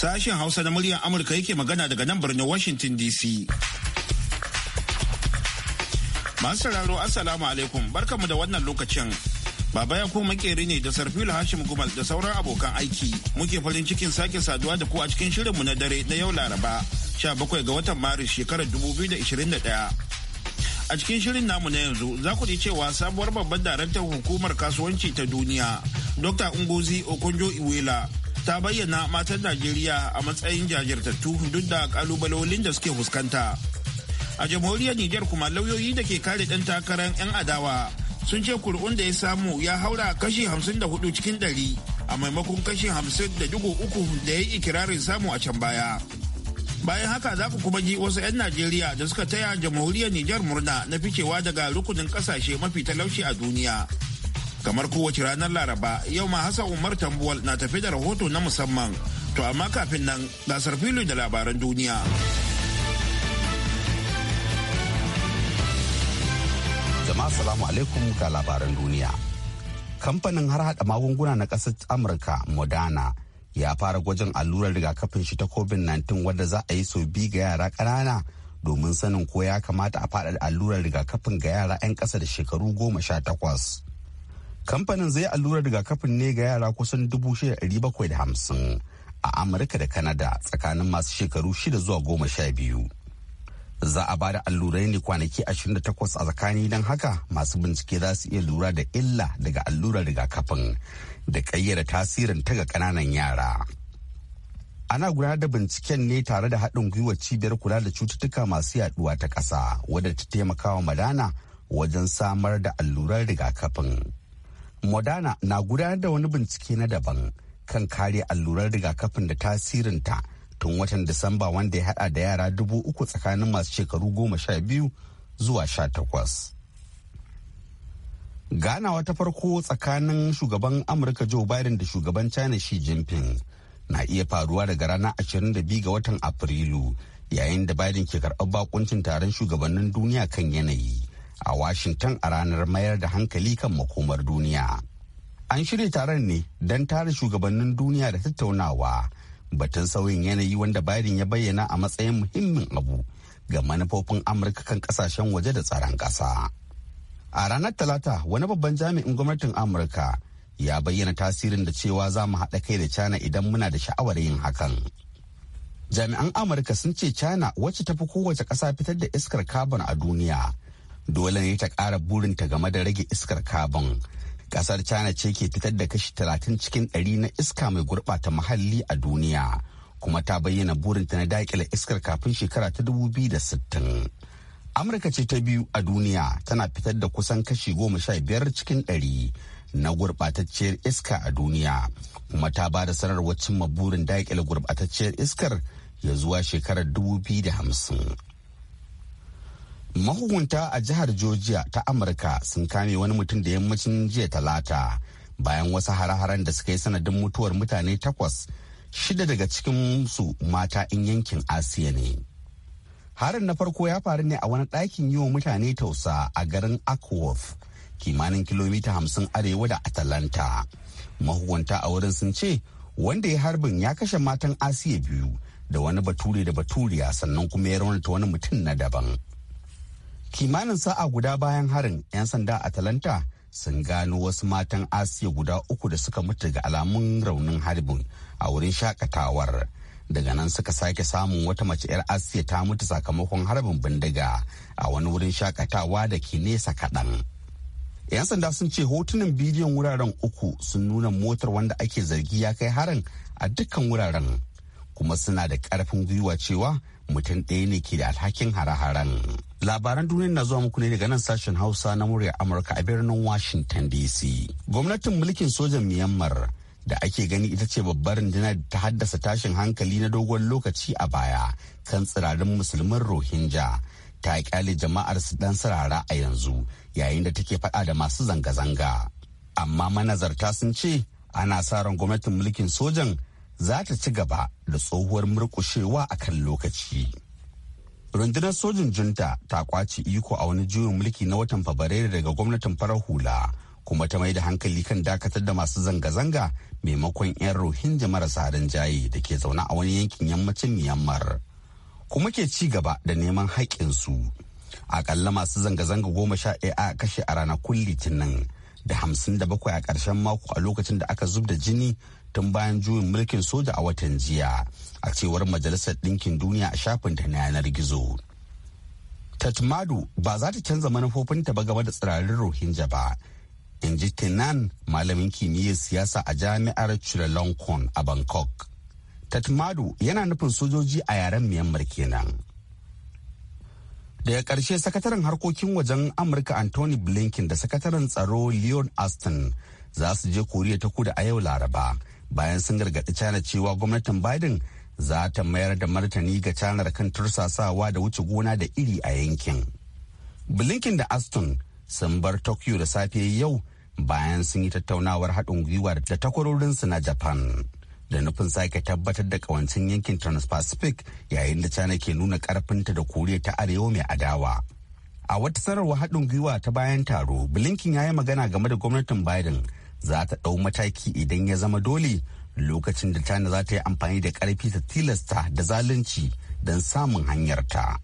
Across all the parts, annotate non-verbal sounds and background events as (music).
Sashen Hausa na muryar Amurka yake magana daga nan birnin Washington DC. Masu sauraro Assalamu alaikum mu da wannan lokacin. Baba ya kuma makeri ne da Sarfil Hashim Gumal da sauran abokan aiki. Muke farin cikin sake saduwa da ku a cikin shirinmu na dare na yau Laraba, 17 ga watan Maris shekarar 2021. a cikin shirin namu na yanzu za ku ji cewa sabuwar babban daraktar hukumar kasuwanci ta duniya dr ngozi okonjo iwela ta bayyana matan Najeriya a matsayin jajirtattu duk da kalubalolin da suke fuskanta. A jamhuriyar Nijar kuma lauyoyi da ke kare ɗan takarar 'yan adawa sun ce kur'un da ya samu ya haura kashi 54 cikin ɗari a maimakon kashi uku da ya yi ikirarin samu a can baya. bayan haka za ku kuma ji wasu 'yan najeriya da suka taya jamhuriyar nijar murna na ficewa daga rukunin kasashe mafi talauci a duniya kamar kowace ranar laraba yau ma hassan umar tambuwal na tafi da rahoto na musamman to amma kafin nan gasar filin da labaran duniya jama'a salamu alaikum ga labaran duniya kamfanin har hada magunguna na kasar amurka modana ya fara gwajin allurar rigakafin shi ta covid-19 wadda za a yi sau biyu ga yara ƙanana domin sanin ko ya kamata a faɗaɗa allurar rigakafin ga yara 'yan ƙasa da shekaru goma sha takwas. kamfanin zai allurar rigakafin ne ga yara kusan dubu hamsin a amurka da kanada tsakanin masu shekaru 6 zuwa goma 12 za a bada allurai ne kwanaki 28 a tsakani don haka masu bincike za su iya lura da illa daga allurar rigakafin da kayyada tasirin ta ga kananan yara ana gudanar da binciken ne tare da haɗin gwiwar cibiyar kula da cututtuka masu yaduwa ta ƙasa wadda ta taimaka wa madana wajen samar da allurar rigakafin. Moderna na gudanar da wani bincike na daban kan kare allurar rigakafin da tasirinta tun watan Disamba wanda ya hada da yara dubu uku tsakanin masu shekaru goma sha biyu zuwa sha takwas. Ganawa ta farko tsakanin shugaban Amurka Joe Biden da shugaban China Xi Jinping na iya faruwa daga ranar 22 ga watan Afrilu yayin da Biden ke karɓar bakuncin taron shugabannin duniya kan yanayi. a Washington a ranar mayar da hankali kan makomar duniya. An shirya taron ne don tara shugabannin duniya da tattaunawa batun sauyin yanayi wanda Biden ya bayyana a matsayin muhimmin abu ga manufofin Amurka kan kasashen waje da tsaron ƙasa. A ranar Talata wani babban jami'in gwamnatin Amurka ya bayyana tasirin da cewa za mu haɗa kai da China idan muna da sha'awar yin hakan. Jami'an Amurka sun ce China wacce tafi kowace ƙasa fitar da iskar carbon a duniya dole ne ta kara burinta game da rage iskar carbon kasar china ce ke fitar da kashi talatin cikin 100 na iska mai gurɓata muhalli a duniya kuma ta bayyana burinta na daƙile iskar kafin shekara ta sittin. amurka ce ta biyu a duniya tana fitar da kusan kashi goma sha biyar cikin 100 na gurɓatacciyar iska a duniya kuma ta ba da sanarwar cimma burin daƙile gurɓatacciyar iskar ya zuwa shekarar dubu biyu da hamsin. mahukunta a jihar georgia ta amurka sun kame wani mutum da yammacin jiya talata bayan wasu hare-haren da suka yi sanadin mutuwar mutane takwas shida daga cikin su mata in yankin asiya ne harin na farko ya faru ne a wani ɗakin yi wa mutane tausa a garin akwof kimanin kilomita hamsin arewa da atalanta mahukunta a wurin sun ce wanda ya harbin ya kashe matan asiya biyu da wani bature da baturiya sannan kuma ya raunata wani mutum na daban kimanin sa'a guda bayan harin 'yan sanda a talanta sun gano wasu matan asiya guda uku da suka mutu ga alamun raunin harbin a wurin shakatawar daga nan suka sake samun wata mace 'yar asiya ta mutu sakamakon harbin bindiga a wani wurin shakatawa da ke nesa kaɗan 'yan sanda sun ce hotunan bidiyon wuraren uku sun nuna motar wanda ake zargi ya kai harin a dukkan wuraren kuma suna da karfin gwiwa cewa mutum ɗaya ne ke da alhakin hare-haren. Labaran duniya na zuwa muku ne daga nan sashen Hausa na muryar Amurka a birnin Washington DC. Gwamnatin mulkin sojan Myanmar da ake gani ita ce babbar rundunar da ta haddasa tashin hankali na dogon lokaci a baya kan tsirarin musulmin Rohingya. Ta kyale jama'ar su dan sarara a yanzu yayin da take faɗa da masu zanga-zanga. Amma manazarta sun ce ana sa ran gwamnatin mulkin sojan za ta ci gaba da tsohuwar murkushewa a kan lokaci. Rundunar sojin junta ta kwace iko a wani juyin mulki na watan Fabrairu daga gwamnatin farar hula kuma ta mai da hankali kan dakatar da masu zanga-zanga maimakon 'yan Rohingya marasa jayi da ke zaune a wani yankin yammacin Myanmar. Kuma ke ci gaba da neman haƙƙinsu. Akalla masu zanga-zanga goma sha ɗaya a kashe a ranakun Litinin da hamsin da bakwai a ƙarshen mako a lokacin da aka zub da jini tun bayan juyin mulkin soja a watan jiya a cewar majalisar ɗinkin duniya a shafin shafinta na yanar gizo. Tatmadu ba za ta canza manufofinta ba game da tsirarin Rohingya ba, in ji Tinan malamin kimiyyar siyasa a jami'ar Chulalongkorn a Bangkok. Tatmadu yana nufin sojoji a yaren Myanmar kenan. Daga ƙarshe sakataren harkokin wajen Amurka Anthony Blinken da sakataren tsaro Leon Aston za su je Koriya ta kudu a yau Laraba. bayan sun gargaɗi china cewa gwamnatin biden za ta mayar da martani ga china kan tursasawa da wuce gona da iri a yankin blinken da aston sun bar tokyo da safe yau bayan sun yi tattaunawar haɗin gwiwa da takwarorinsu na japan da nufin sake tabbatar da kawancin yankin trans-pacific yayin da china ke nuna karfinta da koriya ta arewa mai adawa a wata sanarwar haɗin gwiwa ta bayan taro blinken ya yi magana game da gwamnatin biden za ta ɗau mataki idan ya zama dole lokacin da china za ta yi amfani da ƙarfi ta tilasta da zalunci don samun hanyarta.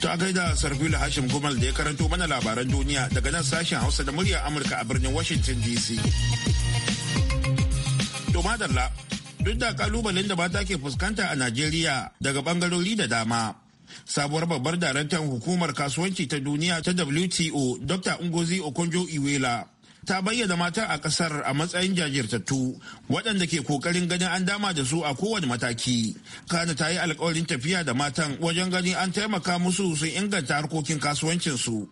Ta gaida Sarfila Hashim Gumal da ya karanto mana labaran duniya daga nan sashen Hausa da murya Amurka a birnin Washington DC. To madalla, duk da kalubalen da mata ke fuskanta a Najeriya daga bangarori da dama. sabuwar babbar daraktan hukumar kasuwanci ta duniya ta wto dr ngozi okonjo iwela ta bayyana mata a kasar a matsayin jajirtattu waɗanda ke kokarin ganin an dama da su a kowane mataki kana ta yi alkawarin tafiya da matan wajen ganin an taimaka musu su inganta harkokin kasuwancinsu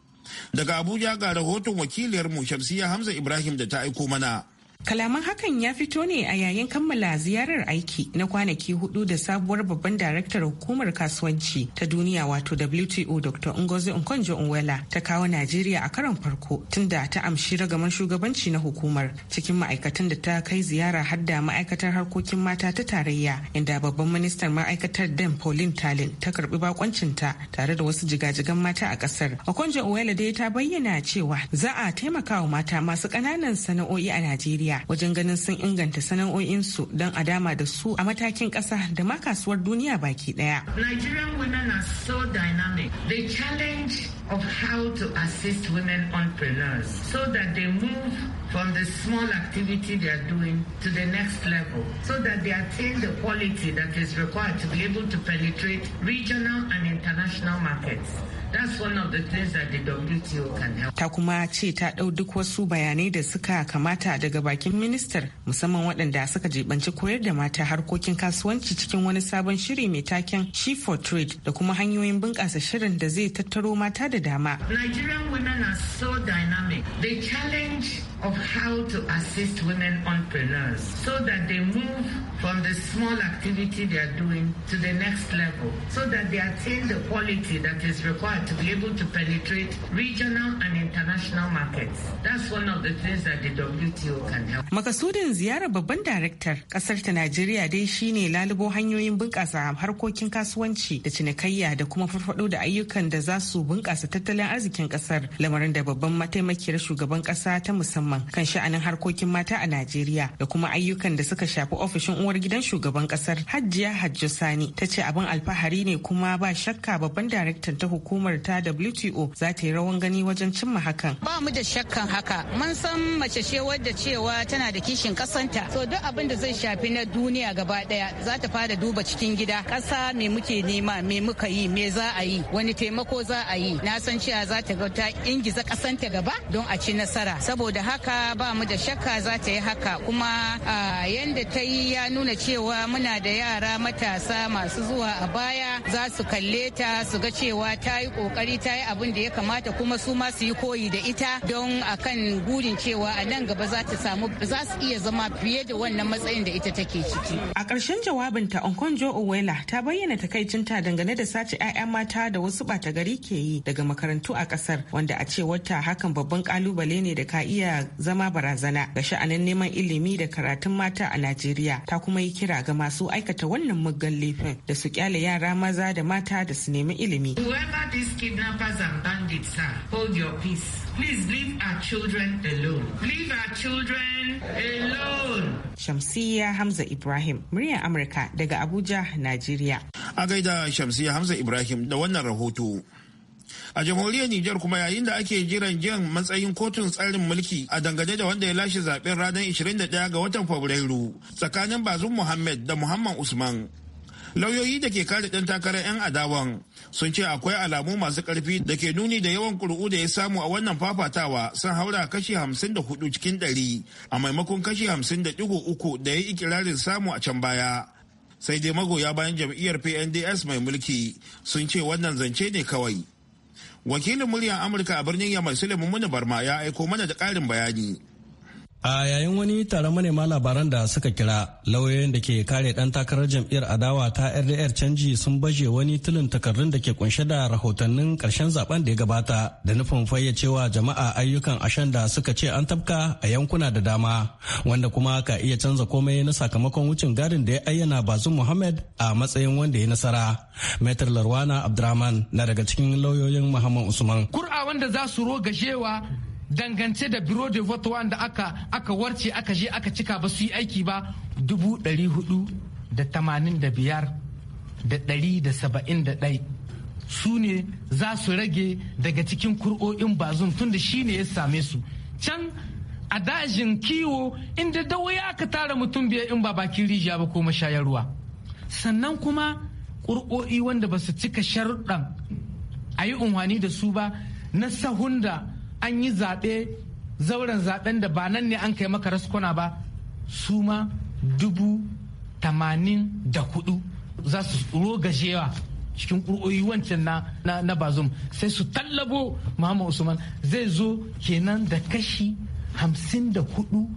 daga abuja ga rahoton wakiliyarmu shamsiya hamza ibrahim da ta aiko mana Kalaman hakan ya fito ne a yayin kammala ziyarar aiki na kwanaki hudu da sabuwar babban daraktar hukumar kasuwanci ta duniya wato WTO Dr. Ngozi Nkonjo Nwela ta kawo Najeriya a karon farko tunda ta amshi ragaman shugabanci na hukumar cikin ma'aikatan da ta kai ziyara har da ma'aikatar harkokin mata ta tarayya inda babban ministan ma'aikatar Dan Pauline Talin ta karbi ta tare da wasu jigajigan mata a kasar. Okonjo Nwela dai ta bayyana cewa za a taimaka wa mata masu ƙananan sana'o'i a Najeriya wajen ganin sun inganta sana'o'insu don a dama da su a matakin ƙasa da ma kasuwar duniya baki ɗaya. Nigerian women are so dynamic. The challenge of how to assist women entrepreneurs so that they move from the small activity they are doing to the next level so that they attain the quality that is required to be able to penetrate regional and international markets. Ta kuma ce ta ɗau duk wasu bayanai da suka kamata daga bakin ministar musamman waɗanda suka jibanci koyar da mata harkokin kasuwanci cikin wani sabon shiri mai taken She for Trade da kuma hanyoyin bunƙasa shirin da zai tattaro mata da dama. Nigerian women are so dynamic. They challenge of how to assist women entrepreneurs so that they move from the small activity they are doing to the next level so that they attain the quality that is required are to be able to penetrate regional and international markets. That's one of the things that the WTO can help. Makasudin ziyarar babban daraktar kasar ta Najeriya dai shine lalubo hanyoyin bunƙasa harkokin kasuwanci da cinikayya da kuma farfado da ayyukan da za su bunƙasa tattalin arzikin kasar lamarin da babban mataimakiyar shugaban kasa ta musamman kan sha'anin harkokin mata a Najeriya da kuma ayyukan da suka shafi ofishin uwar gidan shugaban ƙasar Hajjiya Hajjo Sani ta ce abin alfahari ne kuma ba shakka babban daraktan ta hukumar hukumar ta WTO za ta yi rawan gani wajen cimma hakan. Ba mu da shakkan haka. Mun san mace ce wadda cewa tana da kishin kasanta. So duk abin da zai shafi na duniya gaba daya za ta fara duba cikin gida. Kasa me muke nema, me muka yi, me za a yi, wani taimako za a yi. Na san cewa za ta ga ta ingiza kasanta gaba don a ci nasara. Saboda haka ba mu da shakka za ta yi haka kuma a yanda ta yi ya nuna cewa muna da yara matasa masu zuwa a baya za su kalle ta su ga cewa ta yi kokari ta yi abin da ya kamata kuma su ma su yi koyi da ita don a kan gurin cewa a nan gaba za ta samu za su iya zama fiye da wannan matsayin da ita take ciki. A ƙarshen jawabinta Onkonjo Owela ta bayyana takaicin ta dangane da sace ya'yan mata da wasu ɓata gari ke yi daga makarantu a ƙasar wanda a cewarta hakan babban ƙalubale ne da ka iya zama barazana ga sha'anin neman ilimi da karatun mata a Najeriya ta kuma yi kira ga masu aikata wannan muggan laifin da su kyale yara maza da mata da su nemi ilimi. These kidnappers and bandits are. Hold your peace. Please leave our children alone. Leave our children alone. Shamsiya Hamza Ibrahim, muryar Amurka daga Abuja, Najeriya. A gaida Shamsiya Hamza Ibrahim da wannan rahoto. a jamhuriyar Nijar kuma yayin da ake jiran jiran matsayin kotun tsarin mulki a dangane da wanda ya lashe zaben ranar 21 ga watan Fabrairu tsakanin Bazum Muhammad da Muhammad Usman. lauyoyi da ke kare ɗan takarar 'yan adawan sun ce akwai alamu masu ƙarfi da ke nuni da yawan ƙuri'u da ya samu a wannan fafatawa sun haura kashi hamsin da hudu cikin ɗari a maimakon kashi hamsin da ɗigo uku da ya yi ikirarin samu a can baya sai dai magoya bayan jam'iyyar pnds mai mulki sun ce wannan zance ne kawai wakilin muryar amurka a birnin yamai suleiman muni barma ya aiko mana da ƙarin bayani a yayin wani taron manema labaran da suka kira lauyoyin da ke kare ɗan takarar jam'iyyar adawa ta rdr canji sun baje wani tulin takardun da ke kunshe da rahotannin karshen zaben da ya gabata da nufin fayyacewa jama'a ayyukan ashen da suka ce an tabka a yankuna da dama wanda kuma ka iya canza komai na sakamakon wucin gadin da ya ayyana bazum muhammad a matsayin wanda ya nasara metar larwana abdurrahman na daga cikin lauyoyin muhammad usman kur'a wanda za su rogashewa dangance da biro de vote wanda aka aka warce aka je aka cika ba su yi aiki ba dubu ɗari hudu da tamanin da biyar da ɗari da saba'in da ɗai su ne za su rage daga cikin kur'o'in bazum tun da shi ne ya same su can a dajin kiwo inda da wuya aka tara mutum biyar in ba bakin rijiya ba ko mashayarwa sannan kuma kur'o'i wanda ba su cika sharuɗan a yi unhwani da su ba na sahun da an yi zaɓe zauren zaɓen da ba nan ne an kai maka raskuna ba su ma dubu tamanin da hudu za su rogajewa cikin ƙur'oyi wancan na, na, bazum sai su tallabo Muhammadu usman zai zo kenan da kashi hamsin da hudu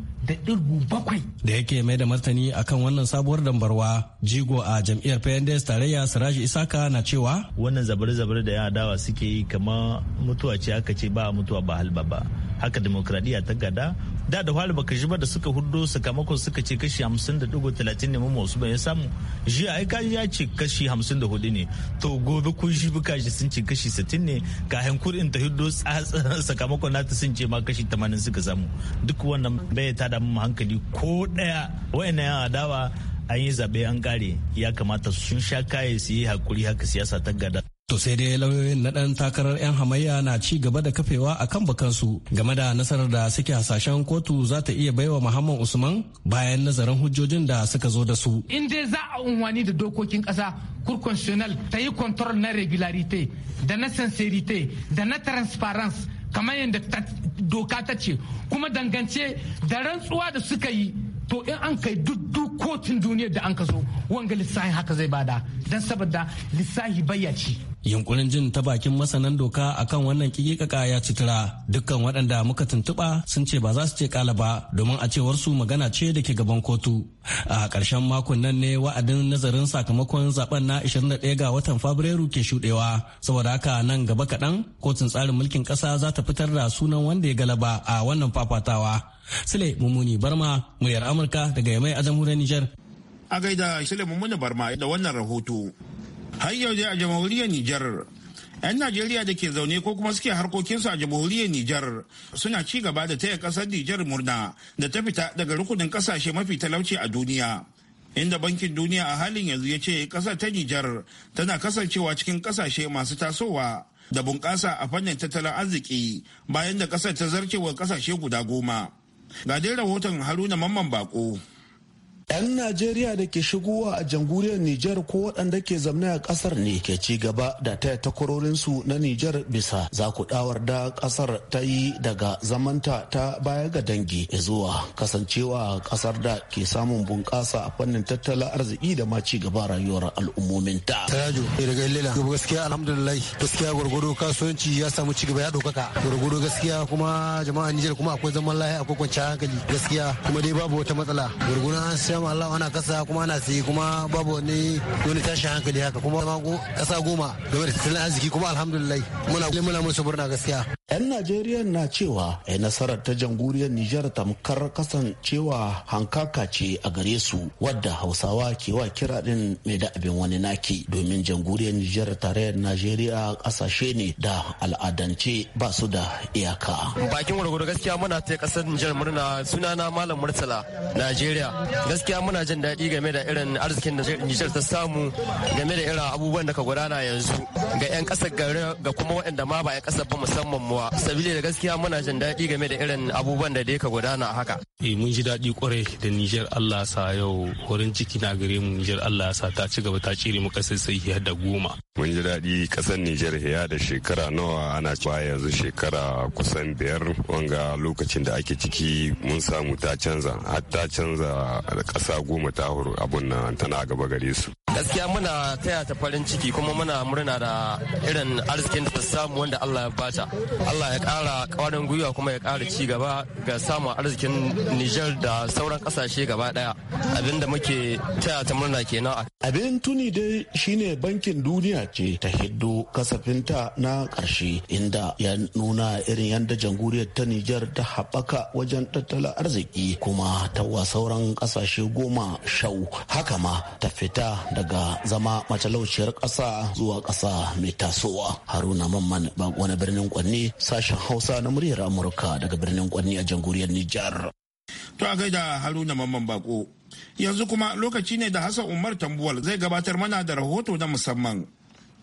da bakwai. Da yake mai da martani akan wannan sabuwar dambarwa jigo a jam'iyyar PNDS tarayya Siraji Isaka na cewa. Wannan zabar-zabar da yan adawa suke yi kamar mutuwa ce aka ce ba mutuwa ba halba ba. haka demokradiya ta gada da da hali baka ji ba da suka hudu sakamakon suka ce kashi 50.30 ne mu wasu bayan samu ji ai ka ya ce kashi 54 ne to gobe kun shi buka shi sun ce kashi 60 ne ga hankurin ta hudu (laughs) sakamakon nata sun ce ma kashi 80 suka samu duk wannan bai ta da mu hankali ko daya wayannan adawa an yi zabe an kare ya kamata sun sha kaye su yi hakuri haka siyasa ta gada To sai dai lauyoyin na ɗan takarar 'yan hamayya na ci gaba da kafewa a kan bakansu game da nasarar da suke hasashen kotu za ta iya baiwa Muhammad Usman bayan nazarin hujjojin da suka zo da su. In dai za a unwani da dokokin ƙasa Cour ta yi control na regularite da na sincerité da na transparence kamar yadda doka ta ce kuma dangance da rantsuwa da suka yi to in an kai duk kotun duniya da an ka zo wanga lissahi haka zai bada don saboda lissahi bayyaci. yunkurin jin ta bakin masanan doka akan wannan kikikaka ya citira dukkan waɗanda muka tuntuɓa sun ce ba za su ce kala ba domin a cewar su magana ce da ke gaban kotu a ƙarshen makon nan ne wa'adin nazarin sakamakon zaben na 21 ga watan fabrairu ke shuɗewa saboda haka nan gaba kaɗan kotun tsarin mulkin ƙasa za ta fitar da sunan wanda ya galaba a wannan fafatawa sule mummuni barma muryar amurka daga yamai a jamhuriyar nijar a gaida sule mummuni barma da wannan rahoto har yau dai a jamhuriyar Nijar 'yan najeriya da ke zaune ko kuma suke harkokinsu a jamhuriyar nijar suna ci gaba da taya kasar nijar murna da ta fita daga rukunin kasashe mafi talauci a duniya inda bankin duniya a halin yanzu ya ce kasar ta nijar tana kasancewa cikin kasashe masu tasowa da bunƙasa a fannin tattalin arziki bayan da kasar ta zarcewa kasashe guda goma ga dai rahoton haruna mamman bako 'yan najeriya da ke shigowa a jamhuriyar niger ko waɗanda ke zamna a ƙasar ne ke ci gaba da taya takwarorinsu na niger bisa zakudawar da ƙasar ta yi daga zamanta ta baya ga dangi zuwa kasancewa ƙasar da ke samun bunƙasa a fannin tattalin arziki da ma ci gaba rayuwar al'ummominta. Sarajo, eh, daga Ilela, gaskiya alhamdulillah gaskiya gwargwado kasuwanci ya samu ci gaba ya ɗaukaka gwargwado gaskiya kuma jama'a Nijar kuma akwai zaman lahiya akwai kwanciyar hankali gaskiya kuma dai babu wata matsala gwargwado an kama Allah ana kasa kuma ana siyi kuma babu wani wani tashin hankali haka kuma kasa goma game da tattalin arziki kuma alhamdulillah muna muna mun saburna gaskiya 'Yan Najeriya na cewa ai nasarar ta jamhuriyar Nijar tamkar kasancewa hankaka ce a gare su wadda Hausawa ke wa kira din mai da abin wani naki domin jamhuriyar Nijar tarayyar Najeriya kasashe ne da al'adance ba su da iyaka. Bakin wargwaro gaskiya muna ta kasar Nijar murna sunana Malam Murtala Najeriya gaskiya muna jin daɗi game da irin arzikin da Nijar ta samu game da irin abubuwan da ka gudana yanzu ga 'yan kasar gare ga kuma waɗanda ma ba 'yan kasar ba musamman mu sabida sabili da gaskiya muna jin daɗi game da irin abubuwan da dai ka gudana haka. Eh mun ji daɗi kwarai da Nijar Allah sa yau horin ciki na gare mu Nijar Allah sa ta ci gaba ta cire mu kasar sai da goma. Mun ji daɗi kasar Nijar ya da shekara nawa ana cewa yanzu shekara kusan biyar wanga lokacin da ake ciki mun samu ta canza har ta canza ƙasa goma ta huru abun nan tana gaba gare su. Gaskiya muna taya ta farin ciki kuma muna murna da irin arzikin da ta samu wanda Allah ya bata. Allah ya ƙara ƙwarin gwiwa kuma ya ƙara ci gaba ga samun arzikin Nijar da sauran kasashe gaba ɗaya abinda muke taya ta murna kenan. Abin tuni dai shine bankin duniya ce ta hiddo kasafinta na ƙarshe inda ya nuna irin yadda jamhuriyar ta Nijar ta haɓaka wajen tattalin arziki kuma ta wa sauran ƙasashe goma shau haka ma ta fita daga zama matalauciyar ƙasa zuwa ƙasa mai tasowa. Haruna Mamman wani birnin Kwanne sashen Hausa na muryar Amurka daga birnin Kwanni a jamhuriyar Nijar. To a gaida Haruna Mamman Bako. Yanzu kuma lokaci ne da Hassan Umar Tambuwal zai gabatar mana da rahoto na musamman.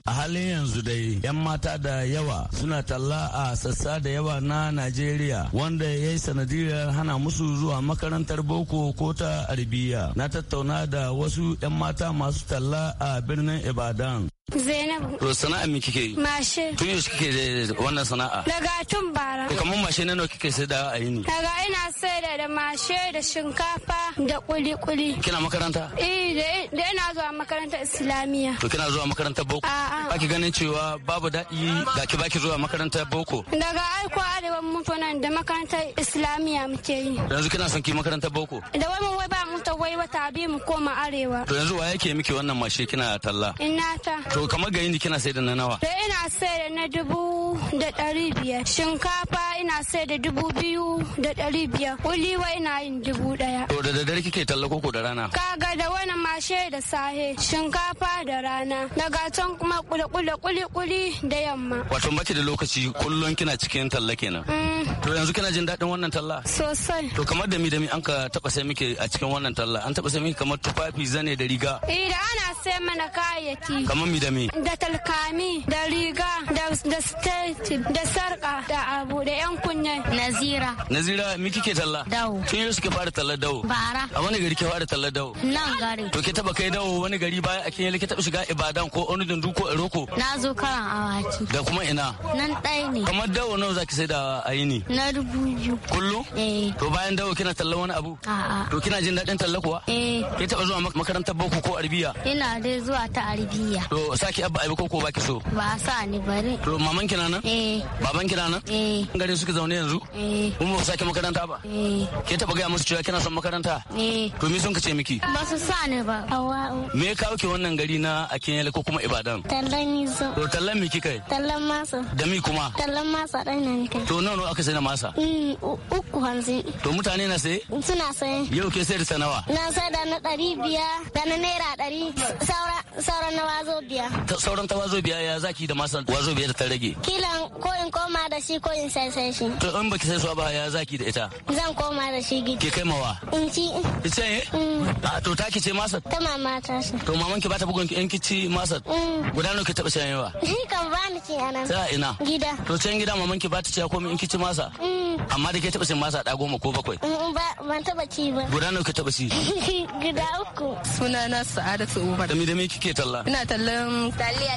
a halin yanzu dai yan mata da yawa suna talla a sassa da yawa na najeriya wanda ya yi sanadiyar hana musu zuwa makarantar boko ko ta arabiya na tattauna da wasu yan mata masu talla a birnin ibadan Zainabu. To sana'a me kike yi? Mashe. Tun yaushe kike da wannan sana'a? Daga tun bara. To kamar mashe ne nawa kike sai da a yini? Daga ina sai da da mashe da shinkafa da kuli-kuli. Kina makaranta? Eh da ina zuwa makarantar Islamiyya. To kina zuwa makarantar boko? A'a. Baki ganin cewa babu daɗi ga ki baki zuwa makarantar boko? Daga aiko arewa mun nan da makarantar Islamiyya muke yi. Yanzu kina son ki makarantar boko? Da wai mun wai ba mun ta wai wata bi mu koma arewa. To yanzu wa yake miki wannan mashe kina talla? Ina ta. To kamar gari ni kina sai da na nawa? Da eh, ina sai da na dubu da ɗari biyar. Shinkafa ina sai da dubu biyu da ɗari biyar. Uliwa ina yin dubu ɗaya. To da daddare kike talla koko da rana? Kaga da wani mashe da sahe shinkafa da rana. Daga can kuma kule kule kuli kuli da yamma. Wato baki da lokaci kullum kina cikin talla kenan. Mm. To yanzu kina jin daɗin wannan talla? Sosai. To kamar da mi da mi an ka taɓa sai muke a cikin wannan talla an taɓa sai muke kamar tufafi zane da riga. Eh da ana sai mana kayayyaki. Kamar mi da da me? Da talkami, da riga, da state, da sarka, da abu, da 'yan Nazira. Nazira mi kike talla? Dawo. Tun yau suke fara talla dawo. Bara. A wani gari ke fara talla dawo? Nan gari. To ke taba kai dawo wani gari bayan a ke taba shiga Ibadan ko Onudundu ko Iroko? Na zo karan awaki. Da kuma ina? Nan ɗaya ne. Kamar dawo nawa zaki sai da a Na rubu biyu. Kullum? Eh. To bayan dawo kina talla wani abu? A'a. To kina jin daɗin talla kuwa? Eh. Ke taba zuwa makarantar boko ko Arbiya? Ina dai zuwa ta Arbiya. To saki abba aibi ko ko baki so? Ba sa ni bari. To maman kina nan? Eh. Baban kina nan? Eh. Garin suke zaune yanzu. yanzu? Kuma eh. ba sake makaranta ba? Eh. Ke taba gaya musu cewa kina son makaranta? Eh. To me sun ka ce miki? Ba su sa ni ba. Me ya kawo ki wannan gari na a Kenyale ko kuma Ibadan? Tallan ni so. To tallan miki kika yi? Tallan masa. Da mi kuma? Tallan masa ɗan nan kai. To nawa nawa aka sai na masa? Mm, uku hanzu. To mutane na sai? Suna sai. Yau ke sai da sanawa? Na sai da na ɗari biyar da na naira ɗari. Sawa sauran na wazo biya. Sauran ta wazo biya ya zaki da masa wazo biya da ta rage. Kilan ko in koma da shi ko in sai sai shi. To in baki sai suwa ba ya zaki da ita. Zan koma da shi gidi. Ke kai mawa. In ci. Ki ce eh? A to ta ki ce masa. Ta mama ta shi. To maman ki ba ta bugun ki in ki ci masa. Mm. Guda nawa ki taba sayan yawa. (laughs) Shi kan ba ni ci anan. Sai ina. Gida. To can gida maman ki ba ta ci ko in ki ci masa. Mm. Amma da ke taba sayan masa da goma ko bakwai. Ba ban taba ci ba. Guda nawa ki taba ci. Guda (laughs) uku. Sunana Sa'adatu Umar. Dami dami kike kike talla? Ina tallan taliya.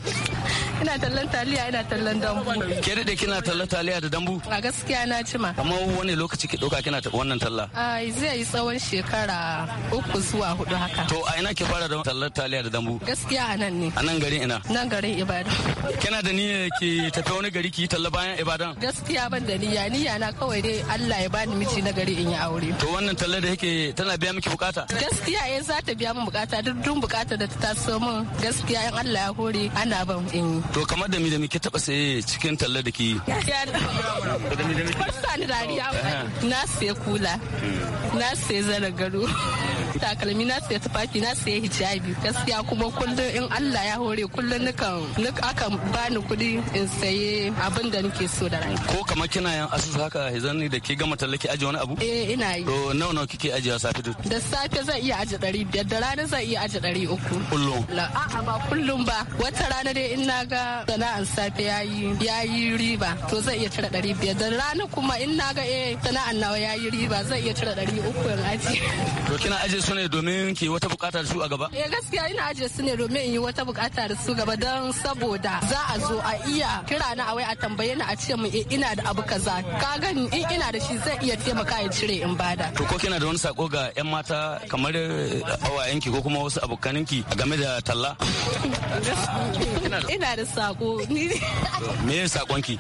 Ina tallan taliya ina tallan dambu. Ke da kina tallan taliya da dambu? A gaskiya na cima. Amma wani lokaci ki ɗauka kina wannan talla? Ai zai yi tsawon shekara uku zuwa hudu haka. To a ina ki fara da tallan taliya da dambu? Gaskiya a nan ne. A nan garin ina? Nan garin Ibadan. Kina da niyya ki tafi wani gari ki talla bayan Ibadan? Gaskiya ban da niyya niyya na kawai dai Allah ya bani miji na gari in yi aure. To wannan talla da yake tana biya miki bukata? Gaskiya eh za ta biya min bukata duk dun bukata da ta taso min gaskiya in Allah ya hore ana ban in to kamar da mi da muke taba saye cikin talla da ki eh. na sai kula hmm. na sai garo hmm. takalmi na siya tufafi na siya hijabi gaskiya kuma kullum in Allah ya hore kullum nukan nuk akan bani kuɗi in saye abin da nake so da rai ko kamar kina yan asusu haka hizan da ke gama tallaki aji wani abu eh ina yi to nawa nawa kike ajiya safi duk da safe zan iya aji ɗari biyar da rana zan iya aji ɗari uku kullum a'a ba kullum ba wata rana dai in na ga sana'an safe yayi yayi riba to zan iya cire ɗari biyar da rana kuma in na ga eh sana'an nawa yayi riba zan iya cire ɗari uku in aji to kina aji su ne domin ke wata bukata da su a gaba? Eh gaskiya ina ajiye su ne domin in yi wata bukata da su gaba don saboda za a zo a iya kira na a wai a tambaye ni a ce mu eh, ina da abu kaza. Ka gani in ina da shi zai iya taimaka ya cire in bada. To ko kina da wani sako ga 'yan mata kamar eh, awayenki ko kuma wasu abokaninki game da talla? (laughs) Ina da sako. me ya sakonki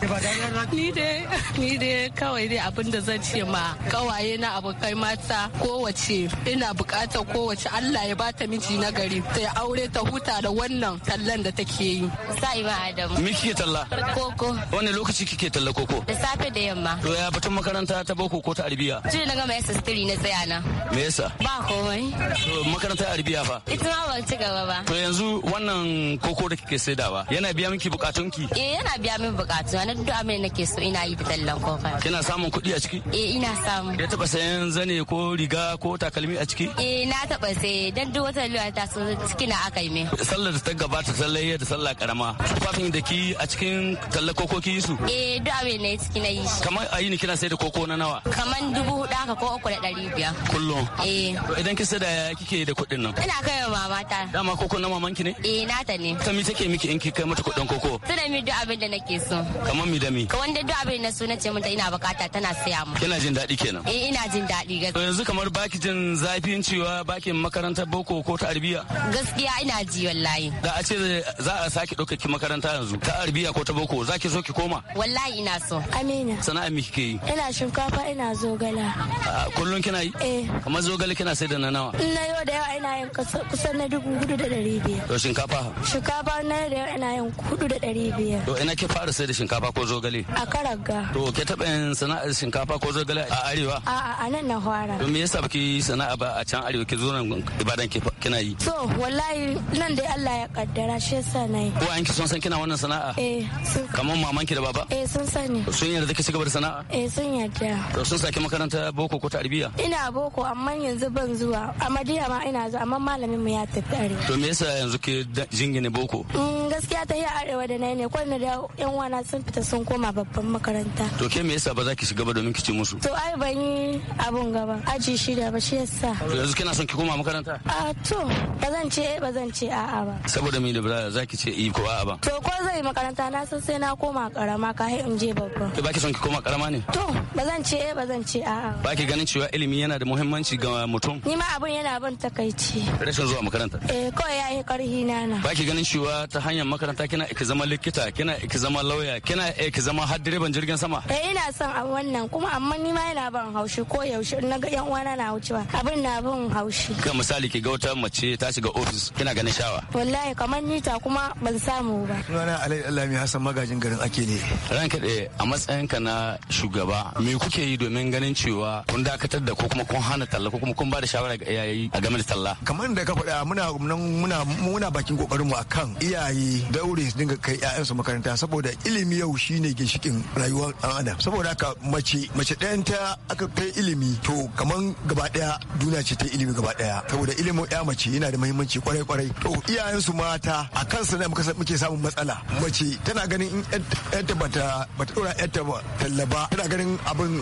ni dai ni kawai dai abin da zan ce ma kawaye na abokai mata kowace ina bukatar kowace Allah ya bata miji na gari ta aure ta huta da wannan tallan da take yi sa'ima adamu me kike talla koko wani lokaci kike talla koko da safe da yamma to ya batun makaranta ta boko ko ta arabiya jiya na gama yasa stiri na tsaya na me yasa ba komai to makaranta arabiya fa ita ma ban ci gaba ba to yanzu wannan koko da kike saidawa yana biya miki bukatunki eh yana yana biya min bukatu na duk abin da nake so ina yi da tallan kofa kina samun kuɗi a ciki eh ina samu ya taba sayan zane ko riga ko takalmi a ciki eh na taba sai dan duk wata lura ta so ciki na aka yi min sallar ta gabata sallar da sallah karama tufafin da ki a cikin tallan kokoki su eh duk abin ne ciki na yi kamar a yi ni kina sai da koko na nawa kamar dubu hudu haka ko uku da ɗari biyar kullum eh idan ki da kike da kuɗin nan ina kai wa mamata dama koko na mamanki ne eh ta ne ta mi take miki in ki kai mata kuɗin koko tana mi duk abin da nake so kamar mi da mi ka wanda duk abin na ce mun ta ina bukata tana saya mu kina jin daɗi kenan eh ina jin daɗi gaskiya yanzu kamar baki jin zafin cewa bakin makarantar boko ko ta arbiya gaskiya ina ji wallahi da a ce za a sake ɗauka ki makaranta yanzu ta arbiya ko ta boko za ki so ki koma wallahi ina so amina sana'a mi kike yi ina shinkafa ina zogala kullum kina yi eh kamar zogala kina sai da na nawa ina yau da yawa ina yin kusan na dubu hudu da ɗari biyar to shinkafa shinkafa na yau da yawa ina yin hudu da ɗari biyar to ina ke fara sai da shinkafa ko zogale? A karaga. To ke taɓa yin sana'ar shinkafa ko zogale a arewa? A a nan na fara. To me yasa baki sana'a ba a can arewa ke zo nan Ibadan kina yi? So wallahi nan dai Allah ya kaddara shi yasa na yi. Ko an ki son san kina wannan sana'a? Eh. Kamar ki da baba? Eh sun sani. Sun yarda ki cigaba da sana'a? Eh sun yarda. To sun saki makaranta boko ko tarbiyya? Ina boko amma yanzu ban zuwa. Madina ma ina zuwa amma malamin mu ya tafi arewa. To me yasa yanzu ke jingine boko? Mm, gaskiya ta yi arewa da nai ne kwanne da yan wana sun fita sun koma babban makaranta to ke me yasa ba za ki shiga ba domin ki ci musu to ai ban yi abun gaba aji da ba shi yasa to yanzu kina son ki koma makaranta a to ba zan ce ba zan ce a'a ba saboda me da za ki ce i eh ko a'a ba to ko zai makaranta na san sai na koma karama ka in je babba ki ba ki son ki koma karama ne to ba zan ce eh, ba zan ce a'a ba ki ganin cewa ilimi yana da muhimmanci ga mutum ni ma abun yana ban takaici rashin zuwa makaranta eh kawai yi karhi na na ba ki ganin cewa ta hanyar makaranta kina ki zama likita kina ki zama lauya kina eh ki zama har direban jirgin sama eh ina son a wannan kuma amma ni ma yana ban haushi ko yaushe na ga yan uwana na wucewa abin na bin haushi Ka misali ki ga wata mace ta shiga ofis kina ganin shawa wallahi kamar ni ta kuma ban samu ba sunana alai mai hasan magajin garin ake ne ranka da a matsayin ka na shugaba me kuke yi domin ganin cewa kun dakatar da ko kuma kun hana talla ko kuma kun ba da shawara ga iyaye a game da talla kamar da ka faɗa muna muna muna bakin kokarin mu akan iyaye daure su dinga kai ƴaƴansu makaranta mata saboda ilimi yau shine ginshikin rayuwar dan adam saboda haka mace mace ɗayan ta aka kai ilimi to kaman gaba ɗaya duniya ce ta ilimi gaba ɗaya saboda ilimin ya mace yana da muhimmanci kwarai kwarai to su mata a kansu ne muke samun matsala mace tana ganin in ta bata bata dora yarta ba talla ba tana ganin abin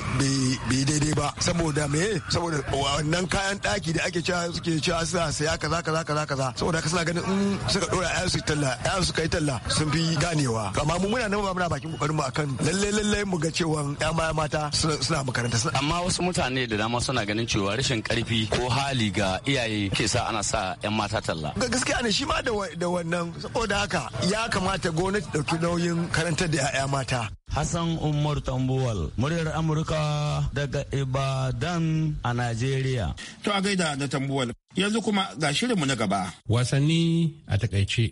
bai daidai ba saboda me saboda wannan kayan ɗaki da ake cewa suke cewa suna saya kaza kaza kaza kaza saboda haka suna ganin in suka dora su talla su kai talla sun fi ganewa to amma mu muna nan muna bakin kokarin mu akan lalle lalle mu ga cewa ya mata suna makaranta amma wasu mutane da dama suna ganin cewa rashin karfi ko hali ga iyaye ke sa ana sa yan mata talla ga gaskiya ne shi ma da wannan saboda haka ya kamata gwamnati dauki nauyin karantar da 'ya'ya mata Hassan Umar Tambuwal, muryar Amurka daga Ibadan a Najeriya. To a gaida na Tambuwal, yanzu kuma ga shirinmu na gaba. Wasanni a takaice.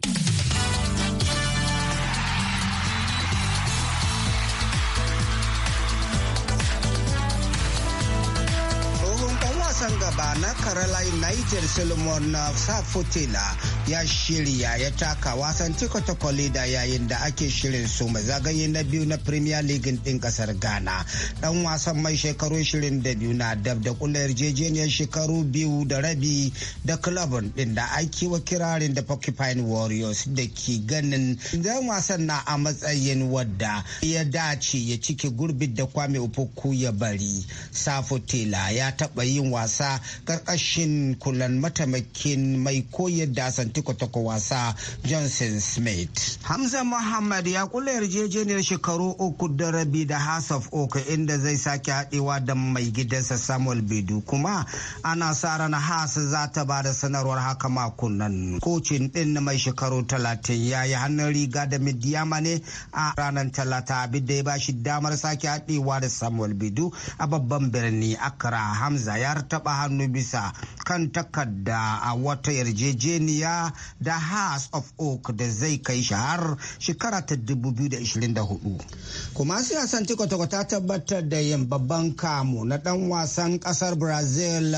Caroline Niger Solomon Safotela ya shirya ya taka wasan tikwata leda yayin da ake shirin su mazagaye na biyu na Premier League ɗin kasar Ghana. Ɗan wasan mai shekaru shirin da biyu na dab da kula yarjejeniyar shekaru biyu da rabi da clubin ɗin da ake wa kirarin da Porcupine Warriors da ke ganin ɗan wasan na a matsayin wadda ya dace ya ciki gurbi da Kwame ya bari. Safotela ya taɓa yin wasa ƙarƙashin shin kulan mataimakin mai koyar da asanti kwatakwa wasa johnson smith hamza muhammad ya kula yarjejeniyar shekaru uku da rabi da house of inda zai sake haɗewa da mai gidansa samuel Bidu, kuma ana sa ran has za ta ba da sanarwar haka makon nan kocin ɗin mai shekaru talatin ya yi hannun riga da midiyama ne a ranar talata abin da ya ba shi damar sake haɗewa da samuel Bidu, a babban birni akra hamza ya taɓa hannu bisa kan takarda a wata yarjejeniya da House of Oak da zai kai shi har shekara ta 2024. Kuma siyasan Tikotoko ta tabbatar da yin babban kamu na ɗan wasan ƙasar Brazil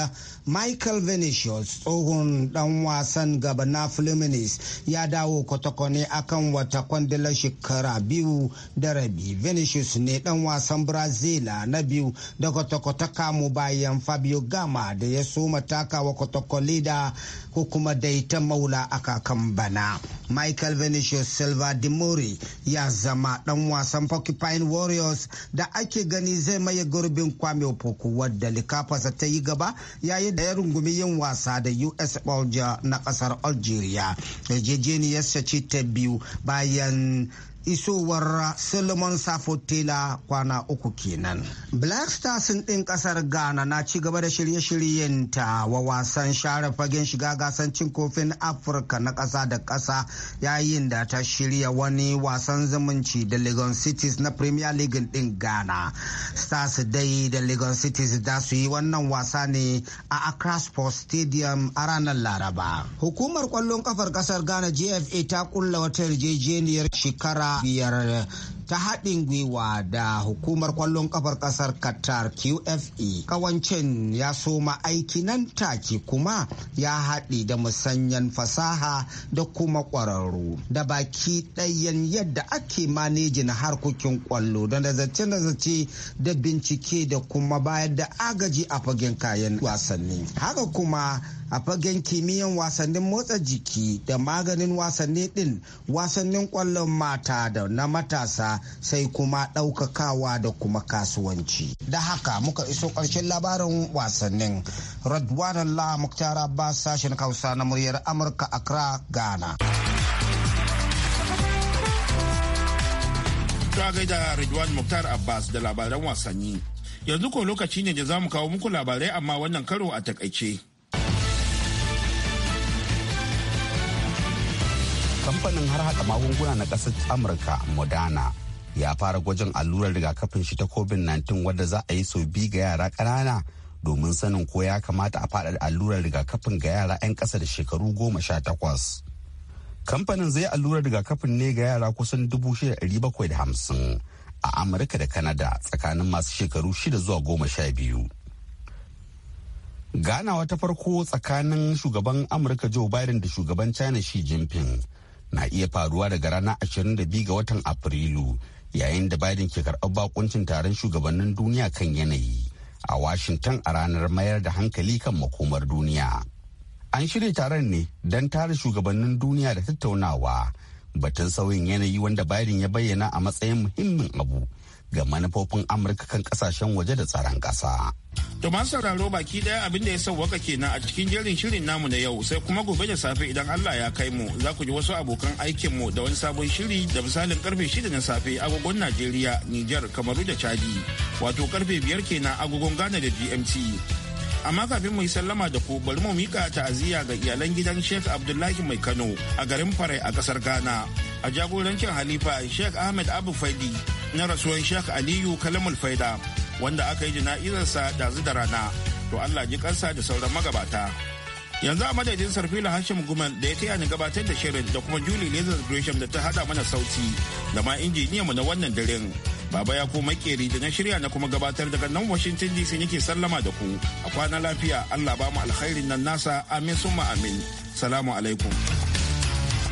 michael vinicius tsohon dan wasan gaba na fluminis ya dawo kwatakwane akan wata kwandilar shekara biyu da rabi vinicius ne dan wasan brazila na biyu da kwatakwata kamu bayan fabio gama da ya so matakawa kwatakwale da ko kuma dai ta maula a kakan bana michael vinicius silva Mori ya zama dan wasan porcupine warriors da ake gani zai maye gurbin kwame opoku wadda likafasa ta yi gaba yayin da ya rungumi yin wasa da us Bulger na kasar algeria yarjejeniyarsa ce ta biyu bayan isowar solomon safotela kwana uku kenan black stars ɗin ƙasar ghana na ci gaba da shirye ta wa wasan share fagen shiga gasan cin kofin afirka na ƙasa da ƙasa yayin da ta shirya wani wasan zumunci da legon cities na premier league ɗin ghana stars dai da legon cities da su yi wannan wasa ne a accra sports stadium a ranar laraba hukumar kwallon ƙafar ƙasar ghana gfa ta kulla wata yarjejeniyar shekara biyar ta haɗin gwiwa da hukumar kwallon kafar ƙasar qatar qfe kawancin ya soma aiki nan take kuma ya haɗi da musanyan fasaha da kuma ƙwararru da baki ɗayan yadda ake manejin harkokin kwallo da nazarce-nazarce da bincike da kuma bayar da agaji a fagen kayan wasanni haka kuma a fagen kimiyyan wasannin motsa jiki da maganin wasanni din wasannin kwallon mata da na matasa sai kuma ɗaukakawa da kuma kasuwanci da haka muka iso ƙarshen labarin wasannin la muktar abbas sashen kausa na muryar amurka accra ghana ta gaida Ridwan Mukhtar Abbas da labaran wasanni. Yanzu ko lokaci ne da za mu kawo muku labarai amma wannan karo a takaice. kamfanin har haka magunguna na ƙasar amurka moderna ya fara gwajin allurar rigakafin shi ta covid-19 wadda za a yi sau biyu ga yara ƙanana domin sanin ko ya kamata a da allurar rigakafin ga yara 'yan kasa da shekaru goma sha takwas. kamfanin zai allurar rigakafin ne ga yara kusan dubu bakwai da hamsin a amurka da kanada tsakanin masu shekaru shida zuwa goma sha biyu ganawa ta farko tsakanin shugaban amurka joe biden da shugaban china shi jinping na iya faruwa daga ranar 22 ga watan Afrilu yayin da Biden ke karɓar bakuncin taron shugabannin duniya kan yanayi a Washington a ranar mayar da hankali kan makomar duniya. An shirya taron ne don tara shugabannin duniya da tattaunawa batun sauyin yanayi wanda Biden ya bayyana a matsayin muhimmin abu ga manufofin Amurka kan kasashen waje da tsaron ƙasa. To masu sauraro baki daya abin da ya sauwaka kenan a cikin jerin shirin namu na yau sai kuma gobe da safe idan Allah ya kai mu za ku ji wasu abokan aikin mu da wani sabon shiri da misalin karfe 6 na safe agogon Najeriya, Nijar, Kamaru da Chadi. Wato karfe 5 kenan agogon Ghana da GMT. amma kafin mu yi sallama da ku bari mu mika ta'aziyya ga iyalan gidan Sheikh Abdullahi Mai Kano a garin farai a kasar Ghana a jagorancin Halifa Sheikh Ahmed Abu Faidi na rasuwan Sheikh Aliyu Kalamul Faida wanda aka yi sa dazu da rana to Allah ji kansa da sauran magabata yanzu a madadin sarfila hashim guman da ya taya ni gabatar da shirin da kuma julie lezard gresham da ta hada mana sauti da ma mu na wannan daren Baba ya ko makeri da na shirya na kuma gabatar daga nan Washington DC yake sallama da ku. A kwana lafiya Allah ba mu alkhairin nan nasa amin summa amin. Salamu alaikum.